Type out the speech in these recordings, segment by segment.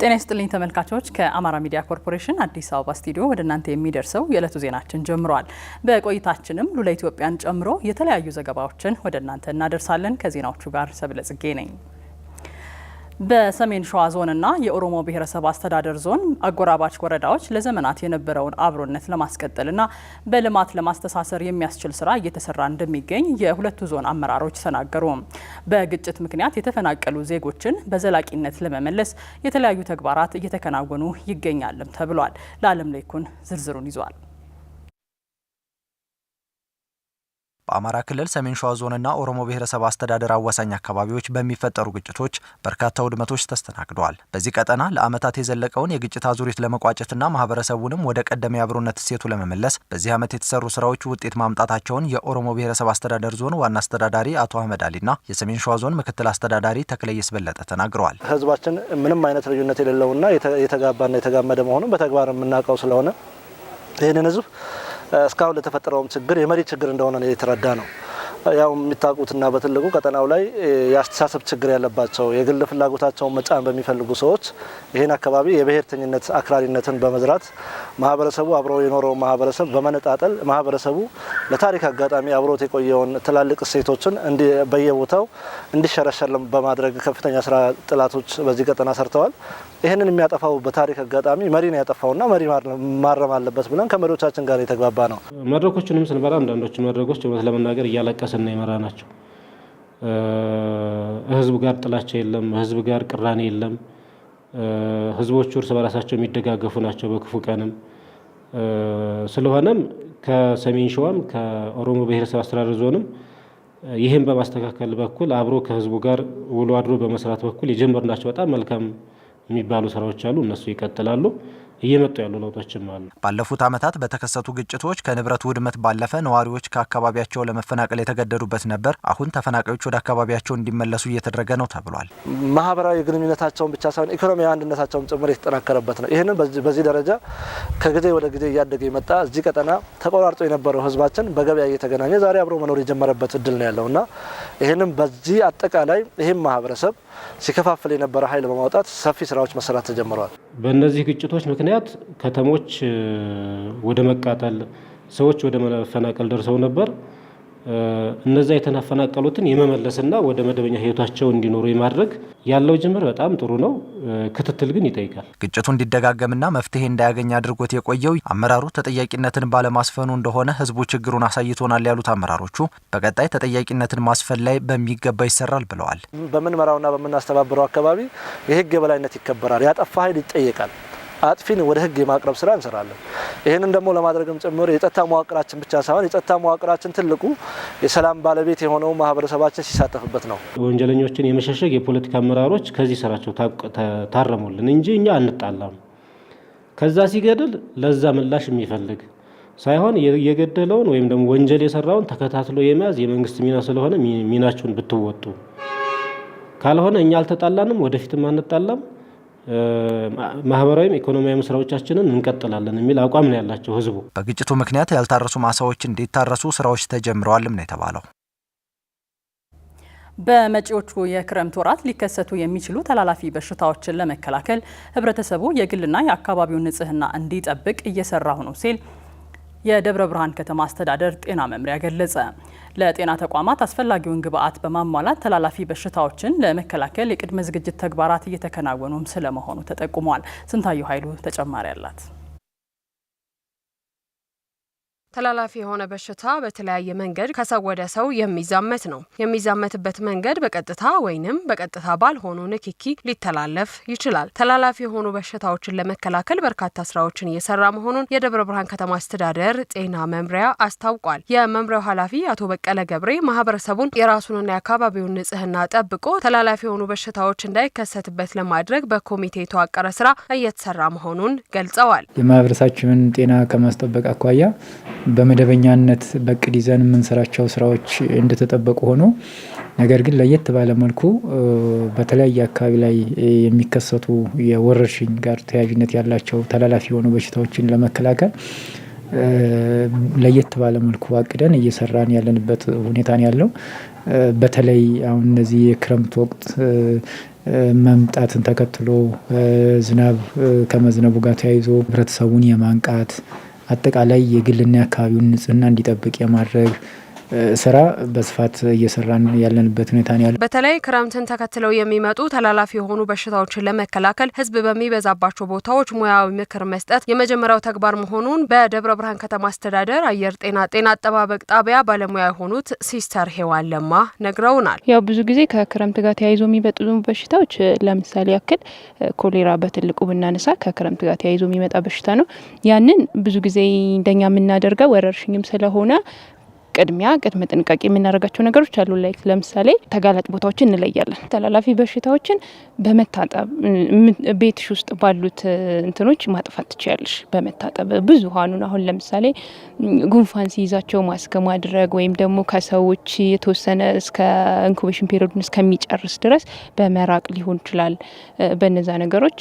ጤና ይስጥልኝ ተመልካቾች፣ ከአማራ ሚዲያ ኮርፖሬሽን አዲስ አበባ ስቱዲዮ ወደ እናንተ የሚደርሰው የዕለቱ ዜናችን ጀምሯል። በቆይታችንም ሉላ ኢትዮጵያን ጨምሮ የተለያዩ ዘገባዎችን ወደ እናንተ እናደርሳለን። ከዜናዎቹ ጋር ሰብለ ጽጌ ነኝ። በሰሜን ሸዋ ዞንና የኦሮሞ ብሔረሰብ አስተዳደር ዞን አጎራባች ወረዳዎች ለዘመናት የነበረውን አብሮነት ለማስቀጠልና በልማት ለማስተሳሰር የሚያስችል ስራ እየተሰራ እንደሚገኝ የሁለቱ ዞን አመራሮች ተናገሩ። በግጭት ምክንያት የተፈናቀሉ ዜጎችን በዘላቂነት ለመመለስ የተለያዩ ተግባራት እየተከናወኑ ይገኛልም ተብሏል። ለአለም ላይኩን ዝርዝሩን ይዟል። በአማራ ክልል ሰሜን ሸዋ ዞንና ኦሮሞ ብሔረሰብ አስተዳደር አዋሳኝ አካባቢዎች በሚፈጠሩ ግጭቶች በርካታ ውድመቶች ተስተናግደዋል። በዚህ ቀጠና ለዓመታት የዘለቀውን የግጭት አዙሪት ለመቋጨትና ማህበረሰቡንም ወደ ቀደመ የአብሮነት እሴቱ ለመመለስ በዚህ ዓመት የተሰሩ ስራዎች ውጤት ማምጣታቸውን የኦሮሞ ብሔረሰብ አስተዳደር ዞን ዋና አስተዳዳሪ አቶ አህመድ አሊና የሰሜን ሸዋ ዞን ምክትል አስተዳዳሪ ተክለየስ በለጠ ተናግረዋል። ህዝባችን ምንም አይነት ልዩነት የሌለውና የተጋባና የተጋመደ መሆኑን በተግባር የምናውቀው ስለሆነ ይህንን ህዝብ እስካሁን ለተፈጠረውም ችግር የመሪ ችግር እንደሆነ ነው የተረዳ ነው። ያው የሚታወቁትና በትልቁ ቀጠናው ላይ የአስተሳሰብ ችግር ያለባቸው የግል ፍላጎታቸውን መጫን በሚፈልጉ ሰዎች ይህን አካባቢ የብሔርተኝነት አክራሪነትን በመዝራት ማህበረሰቡ አብሮ የኖረውን ማህበረሰብ በመነጣጠል ማህበረሰቡ ለታሪክ አጋጣሚ አብሮት የቆየውን ትላልቅ እሴቶችን በየቦታው እንዲሸረሸር በማድረግ ከፍተኛ ስራ ጥላቶች በዚህ ቀጠና ሰርተዋል። ይህንን የሚያጠፋው በታሪክ አጋጣሚ መሪ ነው ያጠፋውና መሪ ማረም አለበት ብለን ከመሪዎቻችን ጋር የተግባባ ነው። መድረኮችንም ስንመራ አንዳንዶቹ መድረኮች እውነት ለመናገር እያለቀስና የመራ ናቸው። ህዝብ ጋር ጥላቻ የለም፣ ህዝብ ጋር ቅራኔ የለም። ህዝቦቹ እርስ በራሳቸው የሚደጋገፉ ናቸው በክፉ ቀንም። ስለሆነም ከሰሜን ሸዋም ከኦሮሞ ብሔረሰብ አስተዳደር ዞንም ይህን በማስተካከል በኩል አብሮ ከህዝቡ ጋር ውሎ አድሮ በመስራት በኩል የጀመርናቸው በጣም መልካም የሚባሉ ስራዎች አሉ። እነሱ ይቀጥላሉ። እየመጡ ያሉ ለውጦችም አሉ። ባለፉት ዓመታት በተከሰቱ ግጭቶች ከንብረት ውድመት ባለፈ ነዋሪዎች ከአካባቢያቸው ለመፈናቀል የተገደዱበት ነበር። አሁን ተፈናቃዮች ወደ አካባቢያቸው እንዲመለሱ እየተደረገ ነው ተብሏል። ማህበራዊ ግንኙነታቸውን ብቻ ሳይሆን ኢኮኖሚያዊ አንድነታቸውን ጭምር የተጠናከረበት ነው። ይህንን በዚህ ደረጃ ከጊዜ ወደ ጊዜ እያደገ የመጣ እዚህ ቀጠና ተቆራርጦ የነበረው ህዝባችን በገበያ እየተገናኘ ዛሬ አብሮ መኖር የጀመረበት እድል ነው ያለው እና ይህንም በዚህ አጠቃላይ ይህም ማህበረሰብ ሲከፋፍል የነበረ ኃይል በማውጣት ሰፊ ስራዎች መሰራት ተጀምረዋል። በእነዚህ ግጭቶች ምክንያት ምክንያት ከተሞች ወደ መቃጠል፣ ሰዎች ወደ መፈናቀል ደርሰው ነበር። እነዛ የተፈናቀሉትን የመመለስና ወደ መደበኛ ህይወታቸው እንዲኖሩ የማድረግ ያለው ጅምር በጣም ጥሩ ነው። ክትትል ግን ይጠይቃል። ግጭቱ እንዲደጋገምና መፍትሄ እንዳያገኝ አድርጎት የቆየው አመራሩ ተጠያቂነትን ባለማስፈኑ እንደሆነ ህዝቡ ችግሩን አሳይቶናል ያሉት አመራሮቹ በቀጣይ ተጠያቂነትን ማስፈን ላይ በሚገባ ይሰራል ብለዋል። በምንመራውና በምናስተባብረው አካባቢ የህግ የበላይነት ይከበራል። ያጠፋ ኃይል ይጠየቃል። አጥፊን ወደ ህግ የማቅረብ ስራ እንሰራለን። ይህንን ደግሞ ለማድረግም ጭምር የጸጥታ መዋቅራችን ብቻ ሳይሆን የጸጥታ መዋቅራችን ትልቁ የሰላም ባለቤት የሆነው ማህበረሰባችን ሲሳተፍበት ነው። ወንጀለኞችን የመሸሸግ የፖለቲካ አመራሮች ከዚህ ስራቸው ታረሙልን እንጂ እኛ አንጣላም። ከዛ ሲገድል ለዛ ምላሽ የሚፈልግ ሳይሆን የገደለውን ወይም ደግሞ ወንጀል የሰራውን ተከታትሎ የመያዝ የመንግስት ሚና ስለሆነ ሚናችሁን ብትወጡ፣ ካልሆነ እኛ አልተጣላንም፣ ወደፊትም አንጣላም። ማህበራዊም ኢኮኖሚያዊም ስራዎቻችንን እንቀጥላለን የሚል አቋም ነው ያላቸው ህዝቡ። በግጭቱ ምክንያት ያልታረሱ ማሳዎች እንዲታረሱ ስራዎች ተጀምረዋልም ነው የተባለው። በመጪዎቹ የክረምት ወራት ሊከሰቱ የሚችሉ ተላላፊ በሽታዎችን ለመከላከል ህብረተሰቡ የግልና የአካባቢውን ንጽህና እንዲጠብቅ እየሰራሁ ነው ሲል የደብረ ብርሃን ከተማ አስተዳደር ጤና መምሪያ ገለጸ። ለጤና ተቋማት አስፈላጊውን ግብዓት በማሟላት ተላላፊ በሽታዎችን ለመከላከል የቅድመ ዝግጅት ተግባራት እየተከናወኑም ስለመሆኑ ተጠቁሟል። ስንታየሁ ኃይሉ ተጨማሪ አላት። ተላላፊ የሆነ በሽታ በተለያየ መንገድ ከሰው ወደ ሰው የሚዛመት ነው። የሚዛመትበት መንገድ በቀጥታ ወይንም በቀጥታ ባልሆኑ ንክኪ ሊተላለፍ ይችላል። ተላላፊ የሆኑ በሽታዎችን ለመከላከል በርካታ ስራዎችን እየሰራ መሆኑን የደብረ ብርሃን ከተማ አስተዳደር ጤና መምሪያ አስታውቋል። የመምሪያው ኃላፊ አቶ በቀለ ገብሬ ማህበረሰቡን የራሱንና የአካባቢውን ንጽህና ጠብቆ ተላላፊ የሆኑ በሽታዎች እንዳይከሰትበት ለማድረግ በኮሚቴ የተዋቀረ ስራ እየተሰራ መሆኑን ገልጸዋል። የማህበረሰባችንን ጤና ከማስጠበቅ አኳያ በመደበኛነት በቅድ ይዘን የምንሰራቸው ስራዎች እንደተጠበቁ ሆኖ ነገር ግን ለየት ባለ መልኩ በተለያየ አካባቢ ላይ የሚከሰቱ የወረርሽኝ ጋር ተያያዥነት ያላቸው ተላላፊ የሆኑ በሽታዎችን ለመከላከል ለየት ባለ መልኩ አቅደን እየሰራን ያለንበት ሁኔታ ነው ያለው። በተለይ አሁን እነዚህ የክረምት ወቅት መምጣትን ተከትሎ ዝናብ ከመዝነቡ ጋር ተያይዞ ህብረተሰቡን የማንቃት አጠቃላይ የግልና የአካባቢውን ንጽህና እንዲጠብቅ የማድረግ ስራ በስፋት እየሰራን ያለንበት ሁኔታ ነው ያለ። በተለይ ክረምትን ተከትለው የሚመጡ ተላላፊ የሆኑ በሽታዎችን ለመከላከል ህዝብ በሚበዛባቸው ቦታዎች ሙያዊ ምክር መስጠት የመጀመሪያው ተግባር መሆኑን በደብረ ብርሃን ከተማ አስተዳደር አየር ጤና ጤና አጠባበቅ ጣቢያ ባለሙያ የሆኑት ሲስተር ሄዋን ለማ ነግረውናል። ያው ብዙ ጊዜ ከክረምት ጋር ተያይዞ የሚመጡ በሽታዎች ለምሳሌ ያክል ኮሌራ በትልቁ ብናነሳ ከክረምት ጋር ተያይዞ የሚመጣ በሽታ ነው። ያንን ብዙ ጊዜ እንደኛ የምናደርገው ወረርሽኝም ስለሆነ ቅድሚያ ቅድመ ጥንቃቄ የምናደርጋቸው ነገሮች አሉ። ላይክ ለምሳሌ ተጋላጭ ቦታዎችን እንለያለን። ተላላፊ በሽታዎችን በመታጠብ ቤትሽ ውስጥ ባሉት እንትኖች ማጥፋት ትችያለሽ። በመታጠብ ብዙሀኑን አሁን ለምሳሌ ጉንፋን ሲይዛቸው ማስክ ማድረግ ወይም ደግሞ ከሰዎች የተወሰነ እስከ ኢንኩቤሽን ፔሪዮድን እስከሚጨርስ ድረስ በመራቅ ሊሆን ይችላል። በነዛ ነገሮች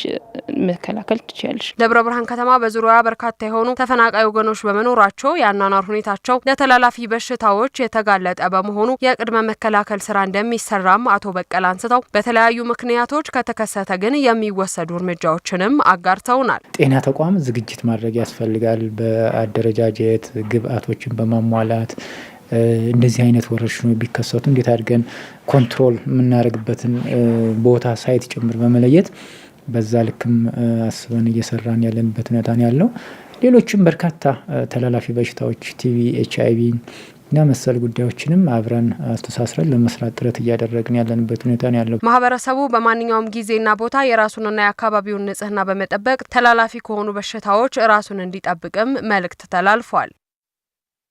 መከላከል ትችያለሽ። ደብረ ብርሃን ከተማ በዙሪያዋ በርካታ የሆኑ ተፈናቃይ ወገኖች በመኖራቸው የአኗኗር ሁኔታቸው ለተላላፊ በሽ በሽታዎች የተጋለጠ በመሆኑ የቅድመ መከላከል ስራ እንደሚሰራም አቶ በቀል አንስተው በተለያዩ ምክንያቶች ከተከሰተ ግን የሚወሰዱ እርምጃዎችንም አጋርተውናል። ጤና ተቋም ዝግጅት ማድረግ ያስፈልጋል። በአደረጃጀት ግብአቶችን በማሟላት እንደዚህ አይነት ወረርሽኖች ቢከሰቱ እንዴት አድርገን ኮንትሮል የምናደርግበትን ቦታ ሳይት ጭምር በመለየት በዛ ልክም አስበን እየሰራን ያለንበት ሁኔታ ነው ያለው። ሌሎችም በርካታ ተላላፊ በሽታዎች ቲቪ፣ ኤች አይቪ እና መሰል ጉዳዮችንም አብረን አስተሳስረን ለመስራት ጥረት እያደረግን ያለንበት ሁኔታ ነው ያለው። ማህበረሰቡ በማንኛውም ጊዜና ቦታ የራሱንና የአካባቢውን ንጽህና በመጠበቅ ተላላፊ ከሆኑ በሽታዎች ራሱን እንዲጠብቅም መልእክት ተላልፏል።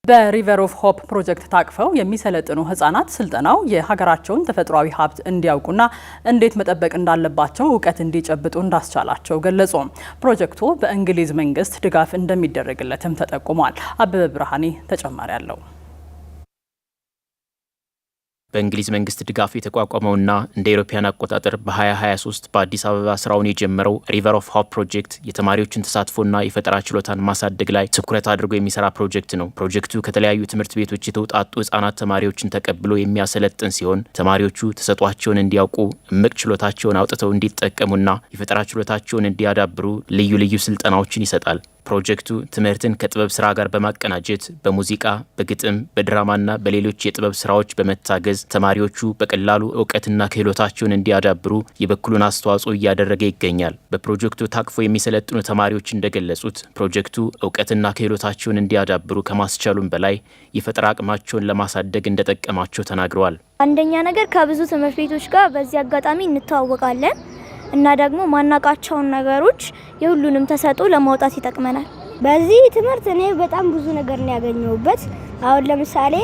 በሪቨር ኦፍ ሆፕ ፕሮጀክት ታቅፈው የሚሰለጥኑ ህጻናት ስልጠናው የሀገራቸውን ተፈጥሯዊ ሀብት እንዲያውቁና እንዴት መጠበቅ እንዳለባቸው እውቀት እንዲጨብጡ እንዳስቻላቸው ገለጹ። ፕሮጀክቱ በእንግሊዝ መንግስት ድጋፍ እንደሚደረግለትም ተጠቁሟል። አበበ ብርሃኔ ተጨማሪ አለው። በእንግሊዝ መንግስት ድጋፍ የተቋቋመውና እንደ አውሮፓውያን አቆጣጠር በ2023 በአዲስ አበባ ስራውን የጀመረው ሪቨር ኦፍ ሆፕ ፕሮጀክት የተማሪዎችን ተሳትፎና የፈጠራ ችሎታን ማሳደግ ላይ ትኩረት አድርጎ የሚሰራ ፕሮጀክት ነው። ፕሮጀክቱ ከተለያዩ ትምህርት ቤቶች የተውጣጡ ህጻናት ተማሪዎችን ተቀብሎ የሚያሰለጥን ሲሆን ተማሪዎቹ ተሰጧቸውን እንዲያውቁ፣ እምቅ ችሎታቸውን አውጥተው እንዲጠቀሙና የፈጠራ ችሎታቸውን እንዲያዳብሩ ልዩ ልዩ ስልጠናዎችን ይሰጣል። ፕሮጀክቱ ትምህርትን ከጥበብ ስራ ጋር በማቀናጀት በሙዚቃ፣ በግጥም፣ በድራማና በሌሎች የጥበብ ስራዎች በመታገዝ ተማሪዎቹ በቀላሉ እውቀትና ክህሎታቸውን እንዲያዳብሩ የበኩሉን አስተዋጽኦ እያደረገ ይገኛል። በፕሮጀክቱ ታቅፎ የሚሰለጥኑ ተማሪዎች እንደገለጹት ፕሮጀክቱ እውቀትና ክህሎታቸውን እንዲያዳብሩ ከማስቻሉም በላይ የፈጠራ አቅማቸውን ለማሳደግ እንደጠቀማቸው ተናግረዋል። አንደኛ ነገር ከብዙ ትምህርት ቤቶች ጋር በዚህ አጋጣሚ እንተዋወቃለን። እና ደግሞ ማናቃቸውን ነገሮች የሁሉንም ተሰጦ ለማውጣት ይጠቅመናል። በዚህ ትምህርት እኔ በጣም ብዙ ነገር ነው ያገኘሁበት። አሁን ለምሳሌ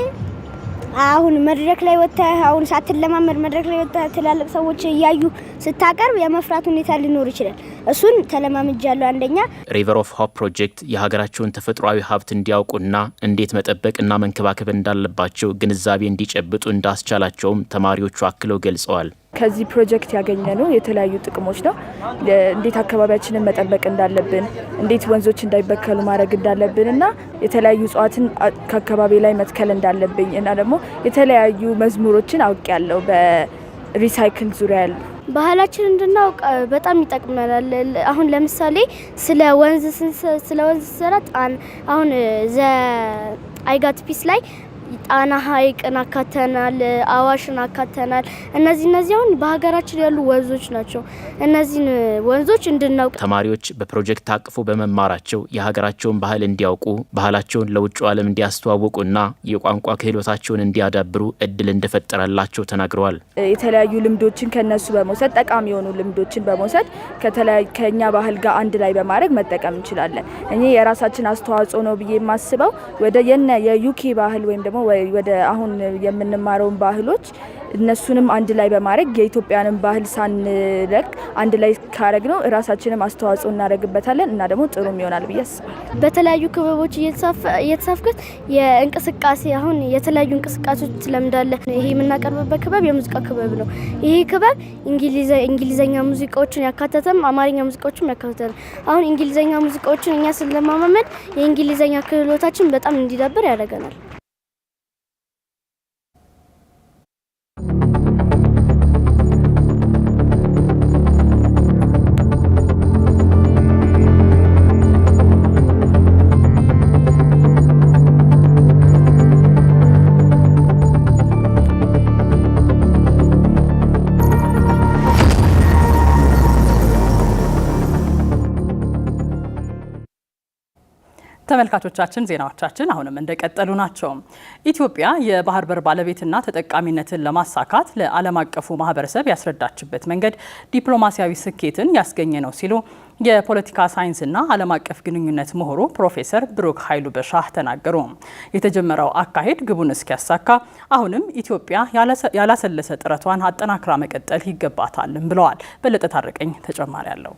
አሁን መድረክ ላይ ወጥተህ አሁን ሳትለማመድ መድረክ ላይ ወጥተህ ትላልቅ ሰዎች እያዩ ስታቀርብ የመፍራት ሁኔታ ሊኖር ይችላል። እሱን ተለማምጃለሁ። አንደኛ ሪቨር ኦፍ ሆፕ ፕሮጀክት የሀገራቸውን ተፈጥሯዊ ሀብት እንዲያውቁና እንዴት መጠበቅና መንከባከብ እንዳለባቸው ግንዛቤ እንዲጨብጡ እንዳስቻላቸውም ተማሪዎቹ አክለው ገልጸዋል። ከዚህ ፕሮጀክት ነው የተለያዩ ጥቅሞች ነው። እንዴት አካባቢያችንን መጠበቅ እንዳለብን፣ እንዴት ወንዞች እንዳይበከሉ ማድረግ እንዳለብን እና የተለያዩ እጽዋትን ከአካባቢ ላይ መትከል እንዳለብኝ እና ደግሞ የተለያዩ መዝሙሮችን አውቅ ያለው በሪሳይክል ዙሪያ ያሉ ባህላችን እንድናውቅ በጣም ይጠቅመናል። አሁን ለምሳሌ ስለ ወንዝ ስለ ወንዝ ስራት አሁን ዘ አይጋት ፒስ ላይ ጣና ሐይቅን አካተናል፣ አዋሽን አካተናል። እነዚህ እነዚህ አሁን በሀገራችን ያሉ ወንዞች ናቸው። እነዚህን ወንዞች እንድናውቅ ተማሪዎች በፕሮጀክት ታቅፎ በመማራቸው የሀገራቸውን ባህል እንዲያውቁ፣ ባህላቸውን ለውጭ ዓለም እንዲያስተዋውቁና የቋንቋ ክህሎታቸውን እንዲያዳብሩ እድል እንደፈጠረላቸው ተናግረዋል። የተለያዩ ልምዶችን ከነሱ በመውሰድ ጠቃሚ የሆኑ ልምዶችን በመውሰድ ከኛ ባህል ጋር አንድ ላይ በማድረግ መጠቀም እንችላለን። እኔ የራሳችን አስተዋጽኦ ነው ብዬ የማስበው ወደ የነ የዩኬ ባህል ወይም ደግሞ ወደ አሁን የምንማረውን ባህሎች እነሱንም አንድ ላይ በማድረግ የኢትዮጵያንም ባህል ሳንለቅ አንድ ላይ ነው እራሳችንም አስተዋጽኦ እናደርግበታለን እና ደግሞ ጥሩም ይሆናል ብዬ አስባለሁ። በተለያዩ ክበቦች እየተሳፍኩት የእንቅስቃሴ አሁን የተለያዩ እንቅስቃሴዎች ትለምዳለ። ይሄ የምናቀርብበት ክበብ የሙዚቃ ክበብ ነው። ይሄ ክበብ እንግሊዘኛ ሙዚቃዎችን ያካተተም አማርኛ ሙዚቃዎችም ያካተተም። አሁን እንግሊዘኛ ሙዚቃዎችን እኛ ስለማመመድ የእንግሊዘኛ ክህሎታችን በጣም እንዲዳብር ያደርገናል። ተመልካቾቻችን ዜናዎቻችን አሁንም እንደቀጠሉ ናቸው። ኢትዮጵያ የባህር በር ባለቤትና ተጠቃሚነትን ለማሳካት ለዓለም አቀፉ ማህበረሰብ ያስረዳችበት መንገድ ዲፕሎማሲያዊ ስኬትን ያስገኘ ነው ሲሉ የፖለቲካ ሳይንስና ዓለም አቀፍ ግንኙነት ምሁሩ ፕሮፌሰር ብሩክ ኃይሉ በሻህ ተናገሩ። የተጀመረው አካሄድ ግቡን እስኪያሳካ አሁንም ኢትዮጵያ ያላሰለሰ ጥረቷን አጠናክራ መቀጠል ይገባታልም ብለዋል። በለጠ ታረቀኝ ተጨማሪ አለው።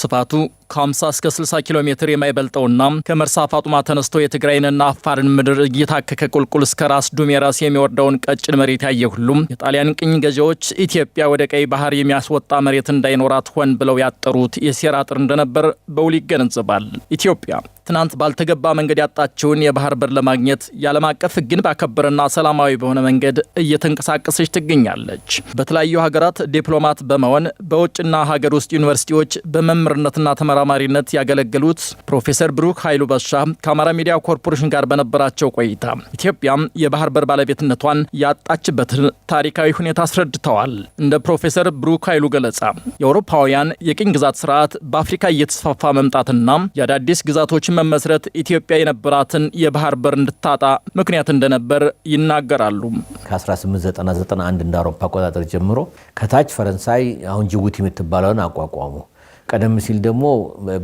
ስፋቱ ከ50 እስከ 60 ኪሎ ሜትር የማይበልጠውና ከመርሳ ፋጡማ ተነስቶ የትግራይንና አፋርን ምድር እየታከከ ቁልቁል እስከ ራስ ዱሜራስ የሚወርደውን ቀጭን መሬት ያየ ሁሉም የጣሊያን ቅኝ ገዢዎች ኢትዮጵያ ወደ ቀይ ባህር የሚያስወጣ መሬት እንዳይኖራት ሆን ብለው ያጠሩት የሴራ አጥር እንደነበር በውል ይገነዘባል። ኢትዮጵያ ትናንት ባልተገባ መንገድ ያጣችውን የባህር በር ለማግኘት የዓለም አቀፍ ሕግን ባከበረና ሰላማዊ በሆነ መንገድ እየተንቀሳቀሰች ትገኛለች። በተለያዩ ሀገራት ዲፕሎማት በመሆን በውጭና ሀገር ውስጥ ዩኒቨርሲቲዎች በመምህርነትና ተመራ ተመራማሪነት ያገለገሉት ፕሮፌሰር ብሩክ ኃይሉ በሻ ከአማራ ሚዲያ ኮርፖሬሽን ጋር በነበራቸው ቆይታ ኢትዮጵያ የባህር በር ባለቤትነቷን ያጣችበትን ታሪካዊ ሁኔታ አስረድተዋል። እንደ ፕሮፌሰር ብሩክ ኃይሉ ገለጻ የአውሮፓውያን የቅኝ ግዛት ስርዓት በአፍሪካ እየተስፋፋ መምጣትና የአዳዲስ ግዛቶችን መመስረት ኢትዮጵያ የነበራትን የባህር በር እንድታጣ ምክንያት እንደነበር ይናገራሉ። ከ1891 እንደ አውሮፓ አቆጣጠር ጀምሮ ከታች ፈረንሳይ አሁን ጅቡቲ የምትባለውን አቋቋሙ። ቀደም ሲል ደግሞ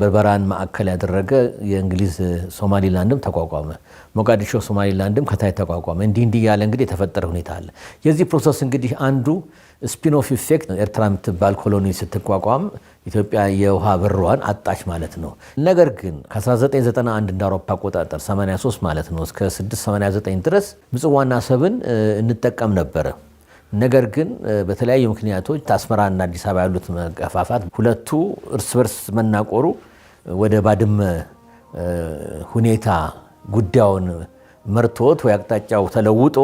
በርበራን ማዕከል ያደረገ የእንግሊዝ ሶማሊላንድም ተቋቋመ። ሞቃዲሾ ሶማሊላንድም ከታይ ተቋቋመ። እንዲህ እንዲህ ያለ እንግዲህ የተፈጠረ ሁኔታ አለ። የዚህ ፕሮሰስ እንግዲህ አንዱ ስፒኖፍ ኢፌክት፣ ኤርትራ የምትባል ኮሎኒ ስትቋቋም ኢትዮጵያ የውሃ በሯን አጣች ማለት ነው። ነገር ግን ከ1991 እንደ አውሮፓ አቆጣጠር 83 ማለት ነው እስከ 689 ድረስ ምጽዋና አሰብን እንጠቀም ነበረ ነገር ግን በተለያዩ ምክንያቶች አስመራና አዲስ አበባ ያሉት መገፋፋት ሁለቱ እርስ በርስ መናቆሩ ወደ ባድመ ሁኔታ ጉዳዩን መርቶት ወይ አቅጣጫው ተለውጦ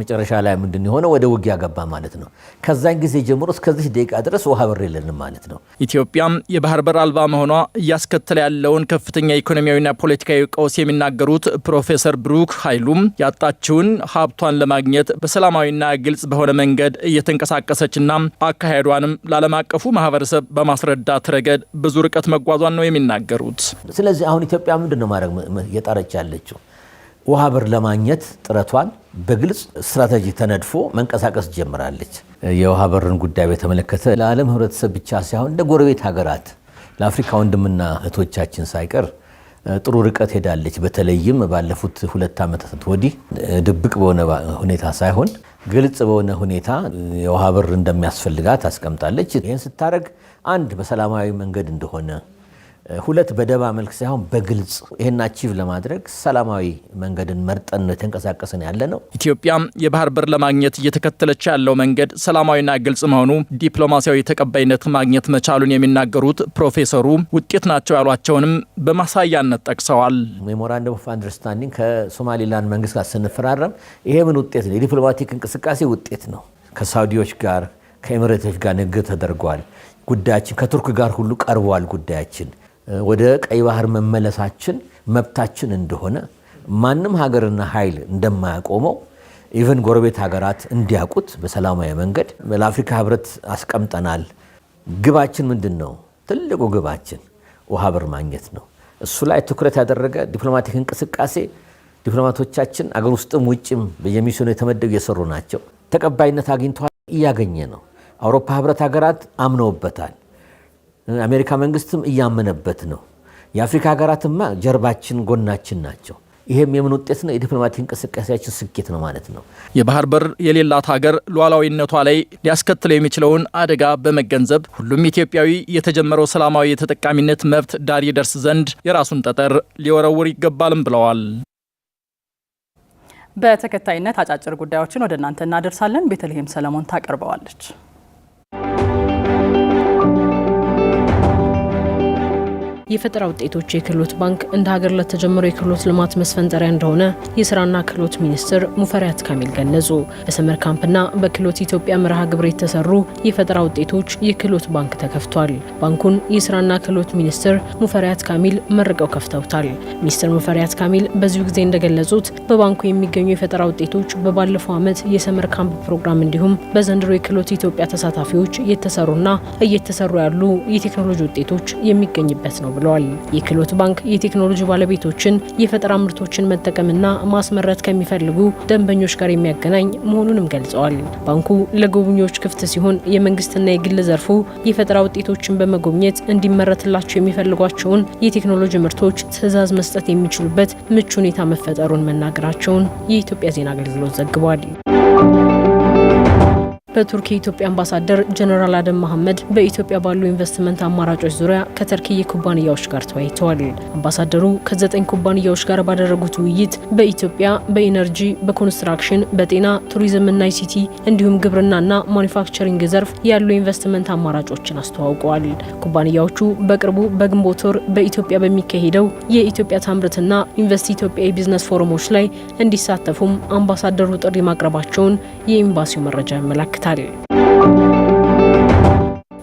መጨረሻ ላይ ምንድን የሆነ ወደ ውጊያ ገባ ማለት ነው። ከዛን ጊዜ ጀምሮ እስከዚህ ደቂቃ ድረስ ውሃ በር የለንም ማለት ነው። ኢትዮጵያም የባህር በር አልባ መሆኗ እያስከተለ ያለውን ከፍተኛ ኢኮኖሚያዊና ፖለቲካዊ ቀውስ የሚናገሩት ፕሮፌሰር ብሩክ ኃይሉም ያጣችውን ሀብቷን ለማግኘት በሰላማዊና ግልጽ በሆነ መንገድ እየተንቀሳቀሰችና አካሄዷንም ለዓለም አቀፉ ማህበረሰብ በማስረዳት ረገድ ብዙ ርቀት መጓዟን ነው የሚናገሩት። ስለዚህ አሁን ኢትዮጵያ ምንድን ነው ማድረግ እየጣረች ያለችው? ውሃ ብር ለማግኘት ጥረቷን በግልጽ ስትራቴጂ ተነድፎ መንቀሳቀስ ጀምራለች። የውሃ በርን ጉዳይ በተመለከተ ለዓለም ህብረተሰብ ብቻ ሳይሆን ለጎረቤት ሀገራት ለአፍሪካ ወንድምና እህቶቻችን ሳይቀር ጥሩ ርቀት ሄዳለች። በተለይም ባለፉት ሁለት ዓመታት ወዲህ ድብቅ በሆነ ሁኔታ ሳይሆን ግልጽ በሆነ ሁኔታ የውሃ በር እንደሚያስፈልጋት አስቀምጣለች። ይህን ስታደርግ አንድ በሰላማዊ መንገድ እንደሆነ ሁለት በደባ መልክ ሳይሆን በግልጽ ይህን አቺቭ ለማድረግ ሰላማዊ መንገድን መርጠን ነው የተንቀሳቀስን ያለ ነው። ኢትዮጵያ የባህር በር ለማግኘት እየተከተለች ያለው መንገድ ሰላማዊና ግልጽ መሆኑ ዲፕሎማሲያዊ ተቀባይነት ማግኘት መቻሉን የሚናገሩት ፕሮፌሰሩ ውጤት ናቸው ያሏቸውንም በማሳያነት ጠቅሰዋል። ሜሞራንደም ኦፍ አንደርስታንዲንግ ከሶማሌላንድ መንግስት ጋር ስንፈራረም ይሄ ምን ውጤት ነው? የዲፕሎማቲክ እንቅስቃሴ ውጤት ነው። ከሳውዲዎች ጋር ከኤምሬቶች ጋር ንግግር ተደርጓል። ጉዳያችን ከቱርክ ጋር ሁሉ ቀርቧል። ጉዳያችን ወደ ቀይ ባህር መመለሳችን መብታችን እንደሆነ ማንም ሀገርና ኃይል እንደማያቆመው ኢቨን ጎረቤት ሀገራት እንዲያውቁት በሰላማዊ መንገድ ለአፍሪካ ህብረት አስቀምጠናል። ግባችን ምንድን ነው? ትልቁ ግባችን ውሃ ብር ማግኘት ነው። እሱ ላይ ትኩረት ያደረገ ዲፕሎማቲክ እንቅስቃሴ ዲፕሎማቶቻችን አገር ውስጥም ውጭም በየሚስዮኑ የተመደቡ እየሰሩ ናቸው። ተቀባይነት አግኝተዋል፣ እያገኘ ነው። አውሮፓ ህብረት ሀገራት አምነውበታል። አሜሪካ መንግስትም እያመነበት ነው። የአፍሪካ ሀገራትማ ጀርባችን፣ ጎናችን ናቸው። ይሄም የምን ውጤት ነው? የዲፕሎማቲክ እንቅስቃሴያችን ስኬት ነው ማለት ነው። የባህር በር የሌላት ሀገር ሉዓላዊነቷ ላይ ሊያስከትለው የሚችለውን አደጋ በመገንዘብ ሁሉም ኢትዮጵያዊ የተጀመረው ሰላማዊ የተጠቃሚነት መብት ዳር ይደርስ ዘንድ የራሱን ጠጠር ሊወረውር ይገባልም ብለዋል። በተከታይነት አጫጭር ጉዳዮችን ወደ እናንተ እናደርሳለን። ቤተልሔም ሰለሞን ታቀርበዋለች። የፈጠራ ውጤቶች የክህሎት ባንክ እንደ ሀገር ለተጀመረው የክህሎት ልማት መስፈንጠሪያ እንደሆነ የስራና ክህሎት ሚኒስትር ሙፈሪያት ካሚል ገለጹ። በሰመር ካምፕና በክህሎት ኢትዮጵያ መርሃ ግብር የተሰሩ የፈጠራ ውጤቶች የክህሎት ባንክ ተከፍቷል። ባንኩን የስራና ክህሎት ሚኒስትር ሙፈሪያት ካሚል መርቀው ከፍተውታል። ሚኒስትር ሙፈሪያት ካሚል በዚሁ ጊዜ እንደገለጹት በባንኩ የሚገኙ የፈጠራ ውጤቶች በባለፈው ዓመት የሰመር ካምፕ ፕሮግራም እንዲሁም በዘንድሮ የክህሎት ኢትዮጵያ ተሳታፊዎች የተሰሩና እየተሰሩ ያሉ የቴክኖሎጂ ውጤቶች የሚገኝበት ነው ብለዋል። የክህሎት ባንክ የቴክኖሎጂ ባለቤቶችን የፈጠራ ምርቶችን መጠቀምና ማስመረት ከሚፈልጉ ደንበኞች ጋር የሚያገናኝ መሆኑንም ገልጸዋል። ባንኩ ለጎብኚዎች ክፍት ሲሆን የመንግስትና የግል ዘርፉ የፈጠራ ውጤቶችን በመጎብኘት እንዲመረትላቸው የሚፈልጓቸውን የቴክኖሎጂ ምርቶች ትዕዛዝ መስጠት የሚችሉበት ምቹ ሁኔታ መፈጠሩን መናገራቸውን የኢትዮጵያ ዜና አገልግሎት ዘግቧል። በቱርክ የኢትዮጵያ አምባሳደር ጀነራል አደም መሐመድ በኢትዮጵያ ባሉ ኢንቨስትመንት አማራጮች ዙሪያ ከተርኪ ኩባንያዎች ጋር ተወያይተዋል። አምባሳደሩ ከዘጠኝ ኩባንያዎች ጋር ባደረጉት ውይይት በኢትዮጵያ በኢነርጂ፣ በኮንስትራክሽን፣ በጤና ቱሪዝምና አይሲቲ እንዲሁም ግብርናና ማኒፋክቸሪንግ ዘርፍ ያሉ ኢንቨስትመንት አማራጮችን አስተዋውቀዋል። ኩባንያዎቹ በቅርቡ በግንቦት ወር በኢትዮጵያ በሚካሄደው የኢትዮጵያ ታምርትና ኢንቨስት ኢትዮጵያ የቢዝነስ ፎረሞች ላይ እንዲሳተፉም አምባሳደሩ ጥሪ ማቅረባቸውን የኤምባሲው መረጃ ያመላክታል። aktarıyor.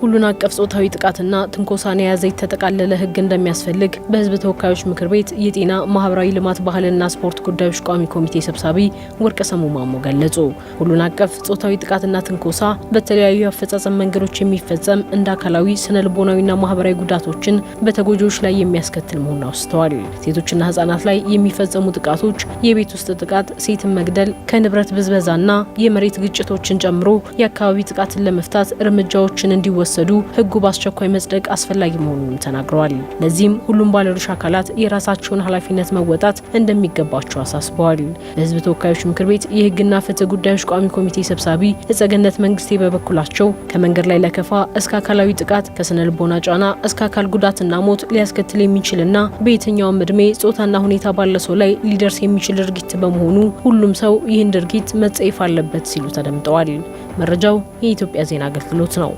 ሁሉን አቀፍ ጾታዊ ጥቃትና ትንኮሳን የያዘ የተጠቃለለ ህግ እንደሚያስፈልግ በህዝብ ተወካዮች ምክር ቤት የጤና ማህበራዊ ልማት፣ ባህልና ስፖርት ጉዳዮች ቋሚ ኮሚቴ ሰብሳቢ ወርቀ ሰሙ ማሞ ገለጹ። ሁሉን አቀፍ ጾታዊ ጥቃትና ትንኮሳ በተለያዩ የአፈጻጸም መንገዶች የሚፈጸም እንደ አካላዊ፣ ስነ ልቦናዊና ማህበራዊ ጉዳቶችን በተጎጂዎች ላይ የሚያስከትል መሆኑን አውስተዋል። ሴቶችና ህጻናት ላይ የሚፈጸሙ ጥቃቶች የቤት ውስጥ ጥቃት፣ ሴትን መግደል፣ ከንብረት ብዝበዛና የመሬት ግጭቶችን ጨምሮ የአካባቢ ጥቃትን ለመፍታት እርምጃዎችን እንዲወስ እንዲወሰዱ ህጉ በአስቸኳይ መጽደቅ አስፈላጊ መሆኑንም ተናግረዋል። ለዚህም ሁሉም ባለድርሻ አካላት የራሳቸውን ኃላፊነት መወጣት እንደሚገባቸው አሳስበዋል። በህዝብ ተወካዮች ምክር ቤት የህግና ፍትህ ጉዳዮች ቋሚ ኮሚቴ ሰብሳቢ እጸገነት መንግስቴ በበኩላቸው ከመንገድ ላይ ለከፋ እስከ አካላዊ ጥቃት ከስነ ልቦና ጫና እስከ አካል ጉዳትና ሞት ሊያስከትል የሚችልና በየትኛውም እድሜ ጾታና ሁኔታ ባለ ሰው ላይ ሊደርስ የሚችል ድርጊት በመሆኑ ሁሉም ሰው ይህን ድርጊት መጸየፍ አለበት ሲሉ ተደምጠዋል። መረጃው የኢትዮጵያ ዜና አገልግሎት ነው።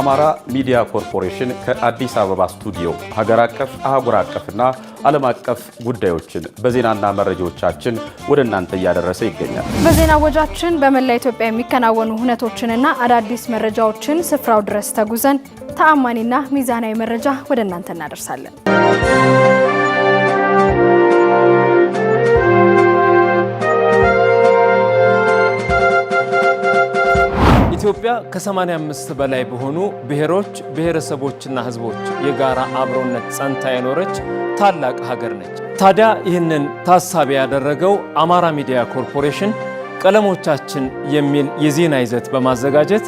አማራ ሚዲያ ኮርፖሬሽን ከአዲስ አበባ ስቱዲዮ ሀገር አቀፍ አህጉር አቀፍና ዓለም አቀፍ ጉዳዮችን በዜናና መረጃዎቻችን ወደ እናንተ እያደረሰ ይገኛል። በዜና ወጃችን በመላ ኢትዮጵያ የሚከናወኑ ሁነቶችንና አዳዲስ መረጃዎችን ስፍራው ድረስ ተጉዘን ተአማኒና ሚዛናዊ መረጃ ወደ እናንተ እናደርሳለን። ኢትዮጵያ ከ85 በላይ በሆኑ ብሔሮች ብሔረሰቦችና ሕዝቦች የጋራ አብሮነት ጸንታ የኖረች ታላቅ ሀገር ነች። ታዲያ ይህንን ታሳቢ ያደረገው አማራ ሚዲያ ኮርፖሬሽን ቀለሞቻችን የሚል የዜና ይዘት በማዘጋጀት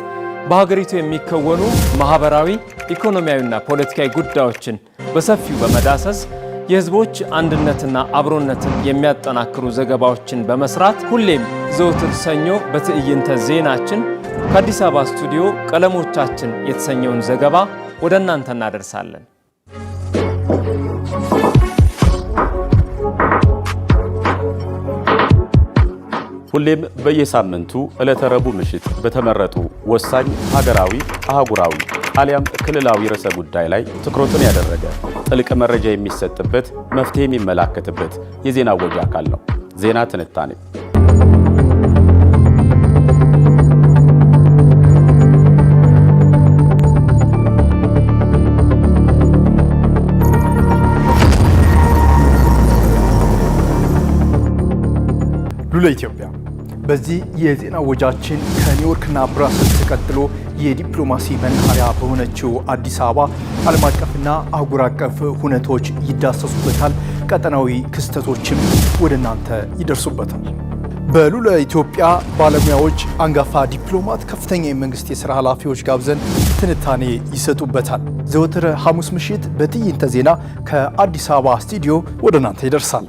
በሀገሪቱ የሚከወኑ ማህበራዊ፣ ኢኮኖሚያዊና ፖለቲካዊ ጉዳዮችን በሰፊው በመዳሰስ የህዝቦች አንድነትና አብሮነትን የሚያጠናክሩ ዘገባዎችን በመስራት ሁሌም ዘውትር ሰኞ በትዕይንተ ዜናችን ከአዲስ አበባ ስቱዲዮ ቀለሞቻችን የተሰኘውን ዘገባ ወደ እናንተ እናደርሳለን። ሁሌም በየሳምንቱ ዕለተ ረቡዕ ምሽት በተመረጡ ወሳኝ ሀገራዊ፣ አህጉራዊ አሊያም ክልላዊ ርዕሰ ጉዳይ ላይ ትኩረቱን ያደረገ ጥልቅ መረጃ የሚሰጥበት መፍትሄ የሚመላከትበት የዜና ወጊ አካል ነው። ዜና ትንታኔ ሉለ ኢትዮጵያ በዚህ የዜና ወጃችን ከኒውዮርክና ብራሰል ተቀጥሎ የዲፕሎማሲ መናኸሪያ በሆነችው አዲስ አበባ ዓለም አቀፍና አህጉር አቀፍ ሁነቶች ይዳሰሱበታል። ቀጠናዊ ክስተቶችም ወደ እናንተ ይደርሱበታል። በሉለ ኢትዮጵያ ባለሙያዎች፣ አንጋፋ ዲፕሎማት፣ ከፍተኛ የመንግስት የሥራ ኃላፊዎች ጋብዘን ትንታኔ ይሰጡበታል። ዘወትር ሐሙስ ምሽት በትዕይንተ ዜና ከአዲስ አበባ ስቱዲዮ ወደ እናንተ ይደርሳል።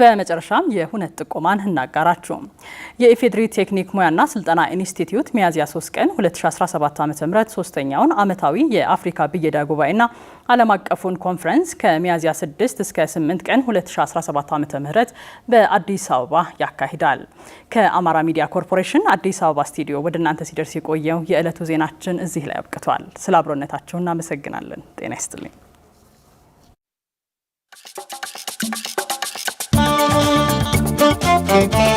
በመጨረሻም የሁነት ጥቆማን እናጋራችሁ። የኢፌድሪ ቴክኒክ ሙያና ስልጠና ኢንስቲትዩት ሚያዝያ 3 ቀን 2017 ዓ ም ሶስተኛውን ዓመታዊ የአፍሪካ ብየዳ ጉባኤና ዓለም አቀፉን ኮንፈረንስ ከሚያዝያ 6 እስከ 8 ቀን 2017 ዓ ም በአዲስ አበባ ያካሂዳል። ከአማራ ሚዲያ ኮርፖሬሽን አዲስ አበባ ስቱዲዮ ወደ እናንተ ሲደርስ የቆየው የዕለቱ ዜናችን እዚህ ላይ አብቅቷል። ስለ አብሮነታችሁ እናመሰግናለን። ጤና ይስጥልኝ። Thank you.